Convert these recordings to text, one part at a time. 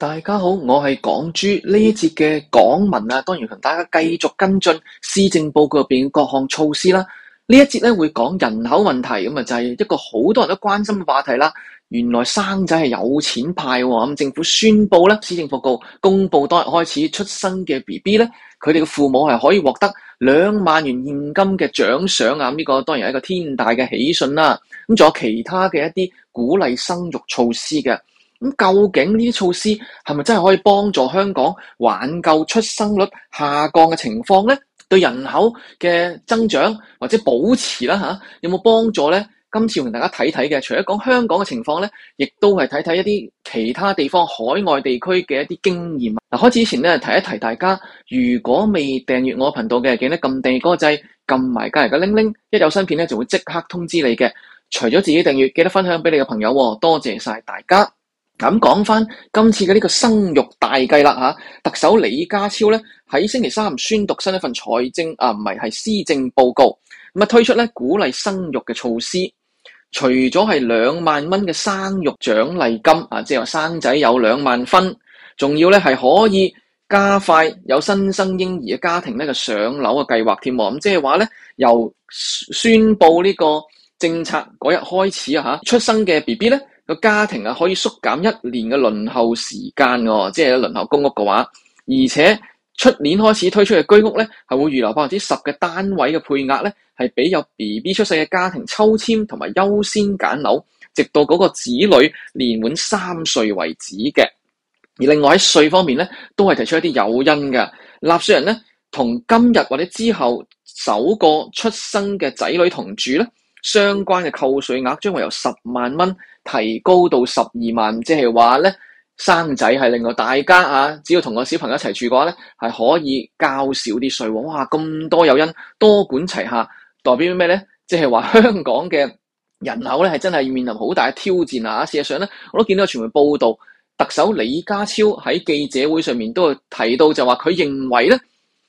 大家好，我係港豬呢一節嘅港聞啊，當然同大家繼續跟進施政報告入邊嘅各項措施啦。呢一節咧會講人口問題，咁啊就係、是、一個好多人都關心嘅話題啦。原來生仔係有錢派，咁政府宣布咧，施政報告公布當日開始出生嘅 BB 咧，佢哋嘅父母係可以獲得兩萬元現金嘅獎賞啊！呢、這個當然係一個天大嘅喜訊啦。咁仲有其他嘅一啲鼓勵生育措施嘅。究竟呢啲措施係咪真係可以幫助香港挽救出生率下降嘅情況呢？對人口嘅增長或者保持啦嚇有冇幫助呢？今次我同大家睇睇嘅，除咗講香港嘅情況呢，亦都係睇睇一啲其他地方海外地區嘅一啲經驗。嗱，開始之前咧，提一提大家，如果未訂閱我頻道嘅，記得撳訂閱嗰個掣，撳埋隔籬嘅鈴鈴，一有新片咧，就會即刻通知你嘅。除咗自己訂閱，記得分享俾你嘅朋友喎、哦，多謝曬大家。咁講翻今次嘅呢個生育大計啦吓，特首李家超咧喺星期三宣讀新一份財政啊，唔係係施政報告，咁啊推出咧鼓勵生育嘅措施，除咗係兩萬蚊嘅生育獎勵金啊，即係話生仔有兩萬分，仲要咧係可以加快有新生嬰兒嘅家庭咧嘅上樓嘅計劃添喎，咁、啊、即係話咧由宣佈呢個政策嗰日開始啊吓出生嘅 B B 咧。個家庭啊，可以縮減一年嘅輪候時間喎，即係輪候公屋嘅話，而且出年開始推出嘅居屋咧，係會預留百分之十嘅單位嘅配額咧，係俾有 BB 出世嘅家庭抽籤同埋優先揀樓，直到嗰個子女年滿三歲為止嘅。而另外喺稅方面咧，都係提出一啲誘因嘅納稅人咧，同今日或者之後首個出生嘅仔女同住咧。相關嘅扣稅額將會由十萬蚊提高到十二萬，即係話咧生仔係令到大家啊，只要同個小朋友一齊住嘅話咧，係可以交少啲稅喎。哇！咁多誘因多管齊下，代表咩咧？即係話香港嘅人口咧係真係要面臨好大嘅挑戰啊！事實上咧，我都見到有傳媒報道，特首李家超喺記者會上面都提到就話，佢認為咧。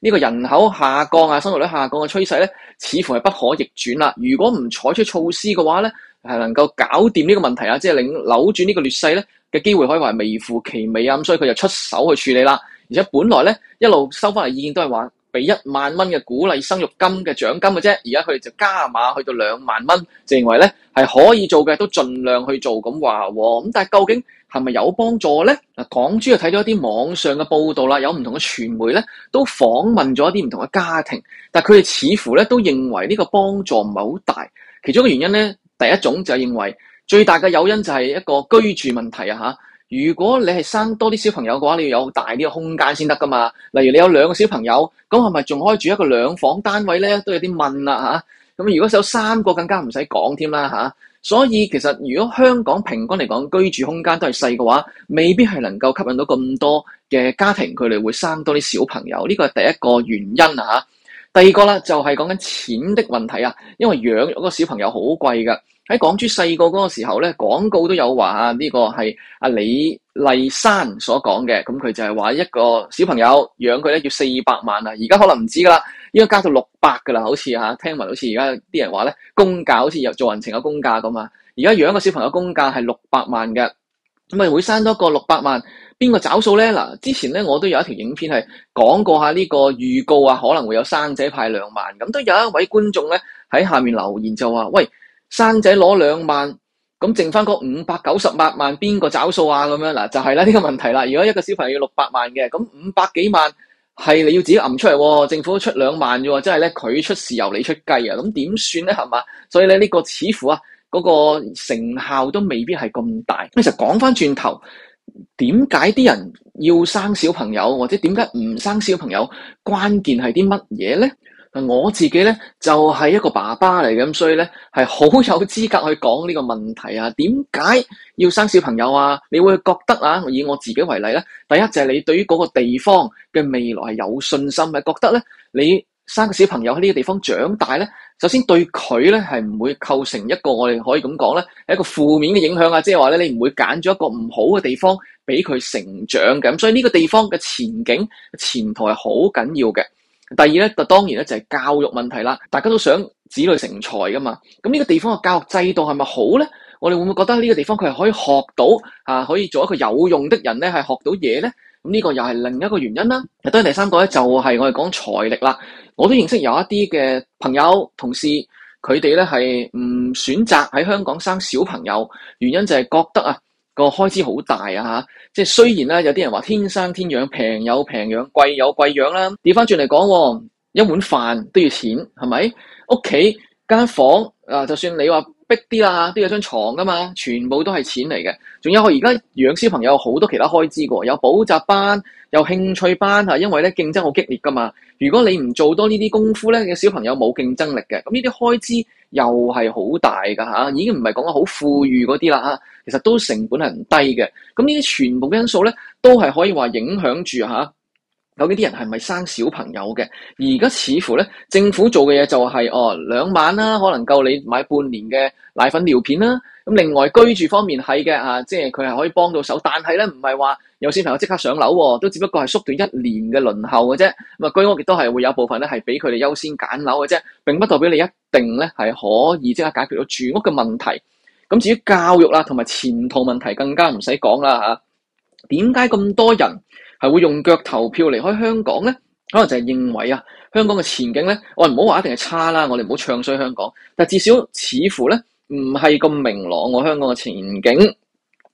呢個人口下降啊、生育率下降嘅趨勢咧，似乎係不可逆轉啦。如果唔採取措施嘅話咧，係能夠搞掂呢個問題啊，即係令扭轉呢個劣勢咧嘅機會，可以話係微乎其微啊。咁所以佢就出手去處理啦。而且本來咧一路收翻嚟意見都係話俾一萬蚊嘅鼓勵生育金嘅獎金嘅啫，而家佢哋就加碼去到兩萬蚊，就認為咧係可以做嘅，都盡量去做咁話喎。咁但係究竟係咪有幫助咧？嗱，港豬就睇咗一啲網上嘅報道啦，有唔同嘅傳媒咧，都訪問咗一啲唔同嘅家庭，但係佢哋似乎咧都認為呢個幫助唔係好大。其中嘅原因咧，第一種就係認為最大嘅誘因就係一個居住問題啊！嚇，如果你係生多啲小朋友嘅話，你要有大啲嘅空間先得噶嘛。例如你有兩個小朋友，咁係咪仲可以住一個兩房單位咧？都有啲問啊！嚇、啊，咁如果有三個，更加唔使講添啦！嚇、啊。所以其實如果香港平均嚟講居住空間都係細嘅話，未必係能夠吸引到咁多嘅家庭佢哋會生多啲小朋友，呢個係第一個原因啊。第二個啦就係講緊錢的問題啊，因為養一個小朋友好貴嘅。喺港豬細個嗰個時候咧，廣告都有話啊，呢個係阿李麗珊所講嘅，咁佢就係話一個小朋友養佢咧要四百萬啊，而家可能唔止㗎啦。應該加到六百噶啦，好似吓、啊，聽聞好似而家啲人話咧，公價好似有做人情嘅公價噶嘛。而家養個小朋友公價係六百萬嘅，咁咪會生多一個六百萬？邊個找數咧？嗱，之前咧我都有一條影片係講過下呢個預告啊，可能會有生仔派兩萬，咁都有一位觀眾咧喺下面留言就話，喂，生仔攞兩萬，咁剩翻嗰五百九十八萬邊個找數啊？咁樣嗱，就係啦呢個問題啦。如果一個小朋友要六百萬嘅，咁五百幾萬。係你要自己揞出嚟，政府都出兩萬啫，即係咧佢出豉油，你出雞啊！咁點算咧？係嘛？所以咧呢個似乎啊，嗰個成效都未必係咁大。其實講翻轉頭，點解啲人要生小朋友，或者點解唔生小朋友？關鍵係啲乜嘢咧？我自己咧就係一個爸爸嚟嘅，咁所以咧係好有資格去講呢個問題啊！點解要生小朋友啊？你會覺得啊，以我自己為例咧，第一就係你對於嗰個地方嘅未來係有信心，咪覺得咧你生個小朋友喺呢個地方長大咧，首先對佢咧係唔會構成一個我哋可以咁講咧，係一個負面嘅影響啊！即係話咧你唔會揀咗一個唔好嘅地方俾佢成長嘅，咁所以呢個地方嘅前景、前途係好緊要嘅。第二咧，就當然咧，就係教育問題啦。大家都想子女成才噶嘛，咁呢個地方嘅教育制度係咪好咧？我哋會唔會覺得呢個地方佢係可以學到啊，可以做一個有用的人咧，係學到嘢咧？咁呢個又係另一個原因啦。當然，第三個咧，就係我哋講財力啦。我都認識有一啲嘅朋友同事，佢哋咧係唔選擇喺香港生小朋友，原因就係覺得啊，個開支好大啊！嚇，即係雖然咧，有啲人話天生天養，平有平養，貴有貴養啦。調翻轉嚟講，一碗飯都要錢，係咪？屋企間房啊，就算你話逼啲啦，都有張床噶嘛，全部都係錢嚟嘅。仲有我而家養小朋友好多其他開支嘅，有補習班，有興趣班嚇，因為咧競爭好激烈噶嘛。如果你唔做多呢啲功夫咧，你嘅小朋友冇競爭力嘅。咁呢啲開支又係好大噶嚇，已經唔係講話好富裕嗰啲啦嚇，其實都成本係唔低嘅。咁呢啲全部嘅因素咧，都係可以話影響住嚇，究竟啲人係咪生小朋友嘅？而家似乎咧，政府做嘅嘢就係，哦，兩萬啦，可能夠你買半年嘅奶粉尿片啦。咁另外居住方面係嘅啊，即係佢係可以幫到手，但係咧唔係話有小朋友即刻上樓，啊，都只不過係縮短一年嘅輪候嘅啫。咁、嗯、啊居屋亦都係會有部分咧係俾佢哋優先揀樓嘅啫，並不代表你一定咧係可以即刻解決到住屋嘅問題。咁、嗯、至於教育啦，啊，同埋前途問題更加唔使講啦吓。點解咁多人係會用腳投票離開香港咧？可能就係認為啊，香港嘅前景咧，我唔好話一定係差啦，我哋唔好唱衰香港，但至少似乎咧。唔係咁明朗啊，我香港嘅前景，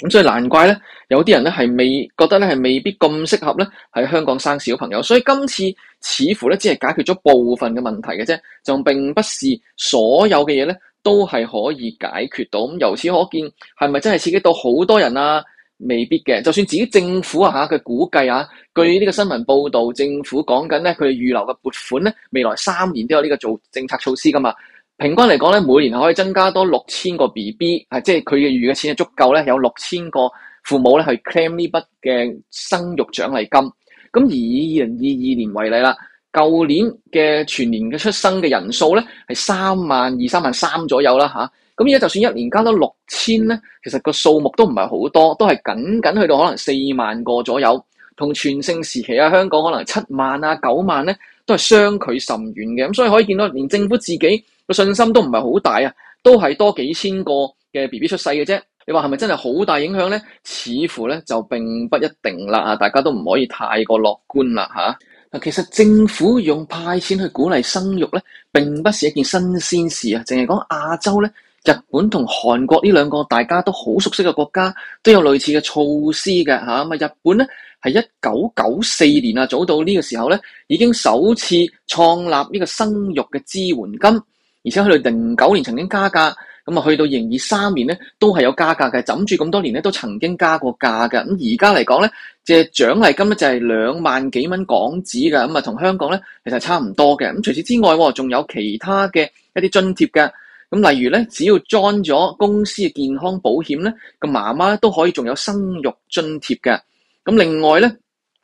咁所以難怪咧，有啲人咧係未覺得咧係未必咁適合咧喺香港生小朋友，所以今次似乎咧只係解決咗部分嘅問題嘅啫，就並不是所有嘅嘢咧都係可以解決到。咁由此可見，係咪真係刺激到好多人啊？未必嘅，就算自己政府啊嚇佢估計啊，據呢個新聞報導，政府講緊咧佢哋預留嘅撥款咧，未來三年都有呢個做政策措施㗎嘛。平均嚟講咧，每年可以增加多六千個 BB，係即係佢嘅餘嘅錢係足夠咧，有六千個父母咧去 claim 呢筆嘅生育獎勵金。咁而以二零二二年為例啦，舊年嘅全年嘅出生嘅人數咧係三萬二、三萬三左右啦，嚇、啊。咁而家就算一年加多六千咧，其實個數目都唔係好多，都係僅僅去到可能四萬個左右，同全盛時期喺、啊、香港可能七萬啊九萬咧，都係相距甚遠嘅。咁所以可以見到，連政府自己。個信心都唔係好大啊，都係多幾千個嘅 BB 出世嘅啫。你話係咪真係好大影響咧？似乎咧就並不一定啦啊！大家都唔可以太過樂觀啦吓。嗱，其實政府用派錢去鼓勵生育咧，並不是一件新鮮事啊。淨係講亞洲咧，日本同韓國呢兩個大家都好熟悉嘅國家，都有類似嘅措施嘅吓。咁啊，日本咧係一九九四年啊，早到呢個時候咧，已經首次創立呢個生育嘅支援金。而且佢零九年曾經加價，咁啊去到二零二三年咧都係有加價嘅，枕住咁多年咧都曾經加過價嘅。咁而家嚟講咧，即係獎勵金咧就係兩萬幾蚊港紙㗎，咁啊同香港咧其實差唔多嘅。咁除此之外喎，仲有其他嘅一啲津貼嘅，咁例如咧只要 join 咗公司嘅健康保險咧，個媽媽都可以仲有生育津貼嘅。咁另外咧。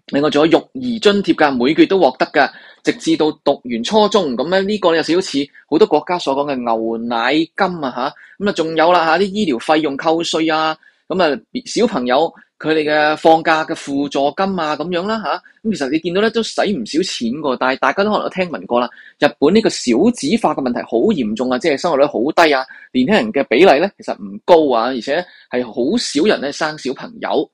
另外仲有育兒津貼噶每個月都獲得噶直至到讀完初中。咁咧，呢個就好似好多國家所講嘅牛奶金啊吓，咁啊仲有啦吓，啲醫療費用扣稅啊，咁啊小朋友佢哋嘅放假嘅輔助金啊咁樣啦吓，咁、啊啊啊、其實你見到咧都使唔少錢噶，但係大家都可能都聽聞過啦，日本呢個少子化嘅問題好嚴重啊，即係生育率好低啊，年輕人嘅比例咧其實唔高啊，而且係好少人咧生小朋友。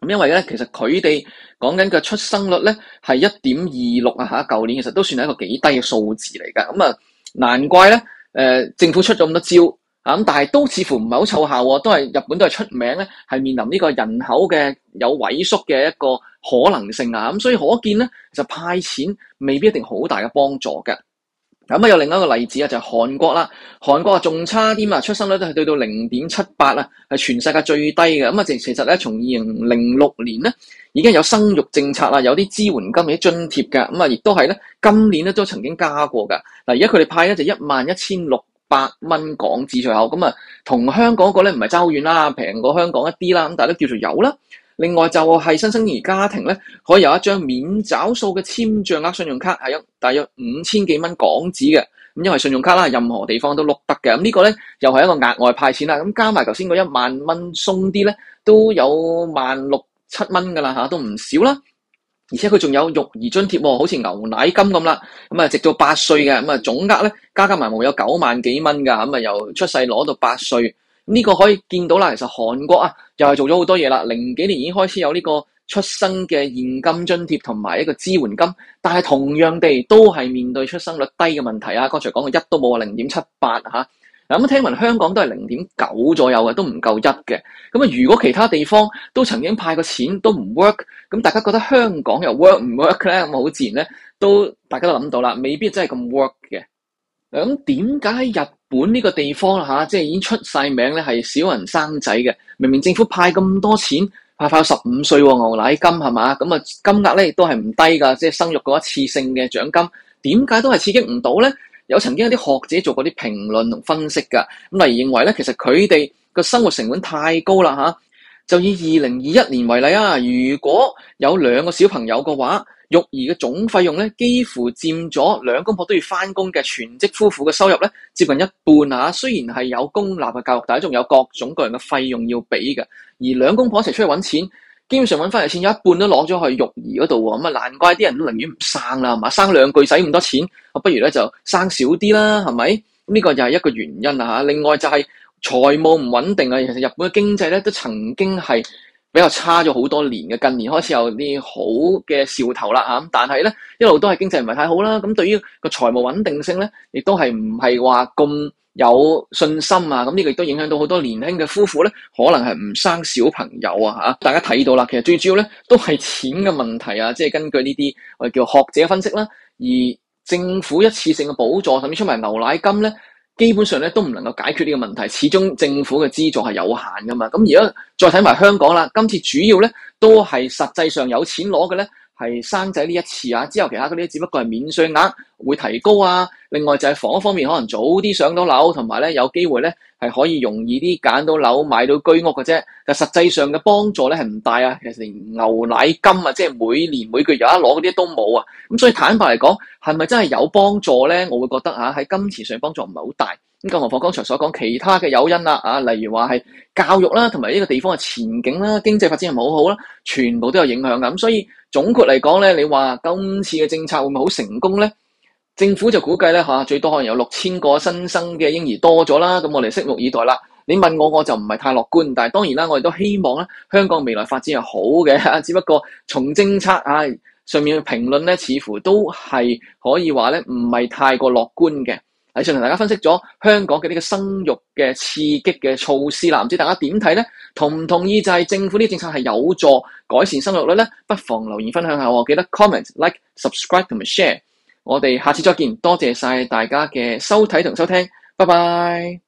咁因為咧，其實佢哋講緊嘅出生率咧係一點二六啊，嚇！舊年其實都算係一個幾低嘅數字嚟㗎，咁啊，難怪咧，誒、呃、政府出咗咁多招啊，咁但係都似乎唔係好奏效，都係日本都係出名咧，係面臨呢個人口嘅有萎縮嘅一個可能性啊，咁所以可見咧，就派錢未必一定好大嘅幫助嘅。咁啊、嗯，有另一個例子啊，就係韓國啦。韓國啊，仲差啲啊，出生率都係對到零點七八啊，係全世界最低嘅。咁、嗯、啊，其其實咧，從二零零六年咧，已經有生育政策啊，有啲支援金嘅津貼嘅。咁、嗯、啊，亦都係咧，今年咧都曾經加過㗎。嗱、嗯，而家佢哋派咧就一萬一千六百蚊港紙左右。咁、嗯、啊，同香港個咧唔係爭好遠啦，平過香港一啲啦。咁但係都叫做有啦。另外就係新生兒家庭咧，可以有一張免找數嘅簽賬額、啊、信用卡，係有大約五千幾蚊港紙嘅。咁因為信用卡啦，任何地方都碌得嘅。咁、這個、呢個咧又係一個額外派錢啦。咁加埋頭先嗰一萬蚊鬆啲咧，都有萬六七蚊㗎啦吓，都唔少啦。而且佢仲有育兒津貼喎，好似牛奶金咁啦。咁啊，直到八歲嘅咁啊，總額咧加加埋埋有九萬幾蚊㗎咁啊，由出世攞到八歲。呢個可以見到啦，其實韓國啊，又係做咗好多嘢啦。零幾年已經開始有呢個出生嘅現金津貼同埋一個支援金，但係同樣地都係面對出生率低嘅問題啊。剛才講嘅一都冇啊，零點七八嚇。嗱咁聽聞香港都係零點九左右嘅，都唔夠一嘅。咁啊，如果其他地方都曾經派過錢都唔 work，咁大家覺得香港又 work 唔 work 咧？咁好自然咧，都大家都諗到啦，未必真係咁 work 嘅。咁點解喺日本呢個地方吓、啊，即係已經出晒名咧，係少人生仔嘅。明明政府派咁多錢，派派十五歲牛奶金係嘛，咁啊金額咧亦都係唔低噶，即係生育個一次性嘅獎金，點解都係刺激唔到咧？有曾經有啲學者做過啲評論同分析噶，咁例如認為咧，其實佢哋個生活成本太高啦吓、啊，就以二零二一年為例啊，如果有兩個小朋友嘅話。育兒嘅總費用咧，幾乎佔咗兩公婆都要翻工嘅全職夫婦嘅收入咧，接近一半啊。雖然係有公立嘅教育，但係仲有各種各樣嘅費用要俾嘅。而兩公婆一齊出去揾錢，基本上揾翻嚟錢有一半都攞咗去育兒嗰度。咁啊，難怪啲人都寧願唔生啦，係嘛，生兩句使咁多錢，我不如咧就生少啲啦，係咪？呢個又係一個原因啦、啊、吓。另外就係財務唔穩定啊，其實日本嘅經濟咧都曾經係。比較差咗好多年嘅，近年開始有啲好嘅兆頭啦，吓，但係咧一路都係經濟唔係太好啦。咁對於個財務穩定性咧，亦都係唔係話咁有信心啊。咁呢個亦都影響到好多年輕嘅夫婦咧，可能係唔生小朋友啊，吓。大家睇到啦，其實最主要咧都係錢嘅問題啊，即係根據呢啲我哋叫做學者分析啦，而政府一次性嘅補助甚至出埋牛奶金咧。基本上咧都唔能夠解決呢個問題，始終政府嘅資助係有限噶嘛。咁而家再睇埋香港啦，今次主要咧都係實際上有錢攞嘅呢。係生仔呢一次啊，之後其他嗰啲只不過係免稅額會提高啊。另外就係房屋方面，可能早啲上到樓，同埋咧有機會咧係可以容易啲揀到樓買到居屋嘅啫。但實際上嘅幫助咧係唔大啊。其實連牛奶金啊，即係每年每個月有一攞嗰啲都冇啊。咁所以坦白嚟講，係咪真係有幫助咧？我會覺得啊喺金錢上幫助唔係好大。咁，包括、嗯、剛才所講其他嘅誘因啦，啊，例如話係教育啦，同埋呢個地方嘅前景啦，經濟發展係咪好好啦？全部都有影響㗎。咁所以總括嚟講咧，你話今次嘅政策會唔會好成功咧？政府就估計咧嚇，最多可能有六千個新生嘅嬰兒多咗啦。咁我哋拭目以待啦。你問我，我就唔係太樂觀。但係當然啦，我哋都希望咧，香港未來發展係好嘅，啊。只不過從政策啊上面嘅評論咧，似乎都係可以話咧，唔係太過樂觀嘅。喺上同大家分析咗香港嘅呢個生育嘅刺激嘅措施啦，唔知大家點睇咧？同唔同意就係政府呢啲政策係有助改善生育率咧？不妨留言分享下喎。記得 comment、like、subscribe 同埋 share。我哋下次再見，多謝晒大家嘅收睇同收聽，拜拜。